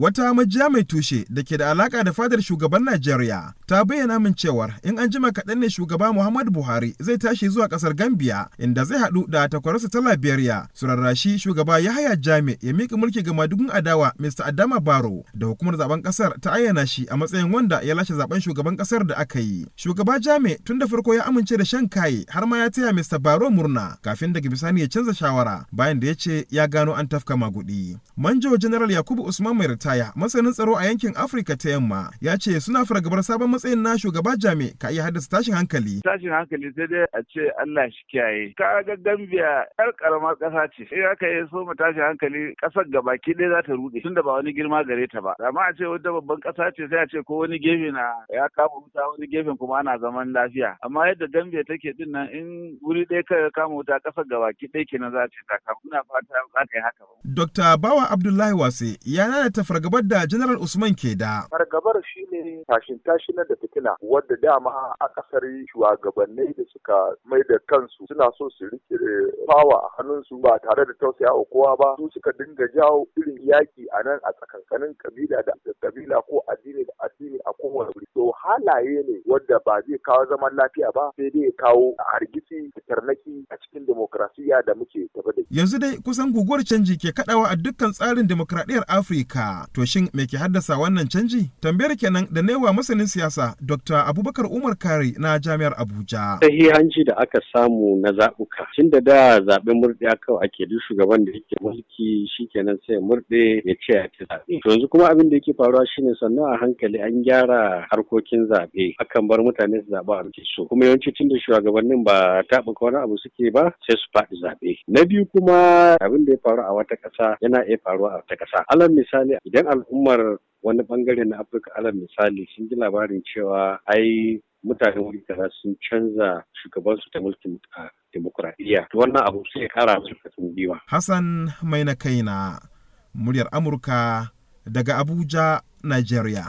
Wata majiya mai tushe da ke da alaka da fadar shugaban Najeriya ta bayyana min cewar in an jima kaɗan ne shugaba Muhammadu Buhari zai tashi zuwa ƙasar Gambia inda zai haɗu da takwararsa ta Liberia su rarrashi shugaba Yahaya Jami ya miƙa mulki ga madugun adawa Mr. Adama Barrow da hukumar zaben ƙasar ta ayyana shi a matsayin wanda ya lashe zaben shugaban ƙasar da aka yi. Shugaba Jami tun da farko ya amince da shan kaye har ma ya taya Mr. Barrow murna kafin daga bisani ya canza shawara bayan da ya ce ya gano an tafka maguɗi. Manjo General Yakubu Usman Mai Taya, masanin tsaro a yankin Afirka ta Yamma, ya ce suna fargabar sabon matsayin na shugaba Jame ka iya haddasa tashin hankali. Tashin hankali sai dai a ce Allah shi kiyaye. Ka ga Gambia yar karamar ƙasa ce. Sai aka yi so mu tashin hankali ƙasar gabaki ɗaya za ta ruɗe tunda ba wani girma gare ta ba. Amma a ce wata babban ƙasa ce sai a ce ko wani gefe na ya kama wuta wani gefen kuma ana zaman lafiya. Amma yadda Gambia take din nan in wuri ɗaya ka kama wuta ƙasar gabaki ɗaya kenan za ta ta kama. Ina fata za ta yi haka ba. Dr. Bawa Abdullahi Wase ya ta fargabar da General Usman ke da. Fargabar shi ne tashin na da fitina wadda dama a kasar shugabanni da suka mai da kansu suna so su rike fawa a hannunsu ba tare da tausaya wa kowa ba su suka dinga jawo irin yaki a nan a tsakankanin kabila da kabila ko addini da addini halaye ne wadda ba zai kawo zaman lafiya ba sai dai kawo hargitsi da tarnaki a cikin demokrasiya da muke tafi da yanzu dai kusan guguwar canji ke kadawa a dukkan tsarin demokradiyyar afirka to shin me ke haddasa wannan canji tambayar kenan da naiwa masanin siyasa dr abubakar umar kari na jami'ar abuja sahihanci da aka samu na zabuka tun da da zaɓen murɗe kawai ake duk shugaban da yake mulki shikenan sai murɗe ya ce ya ci zaɓe to yanzu kuma abin da yake faruwa shine sannan a hankali an gyara harkokin lokacin zaɓe akan bar mutane su zaɓa rike su kuma yawanci tun da shugabannin ba taɓa wani abu suke ba sai su faɗi zaɓe na biyu kuma abin da ya faru a wata ƙasa yana iya faruwa a wata ƙasa alal misali idan al'ummar wani bangare na afirka alal misali sun ji labarin cewa ai mutanen wuri kaza sun canza shugabansu ta mulkin demokuraɗiyya to wannan abu sai kara musu kasan gwiwa hassan mai na kaina muryar amurka daga abuja nigeria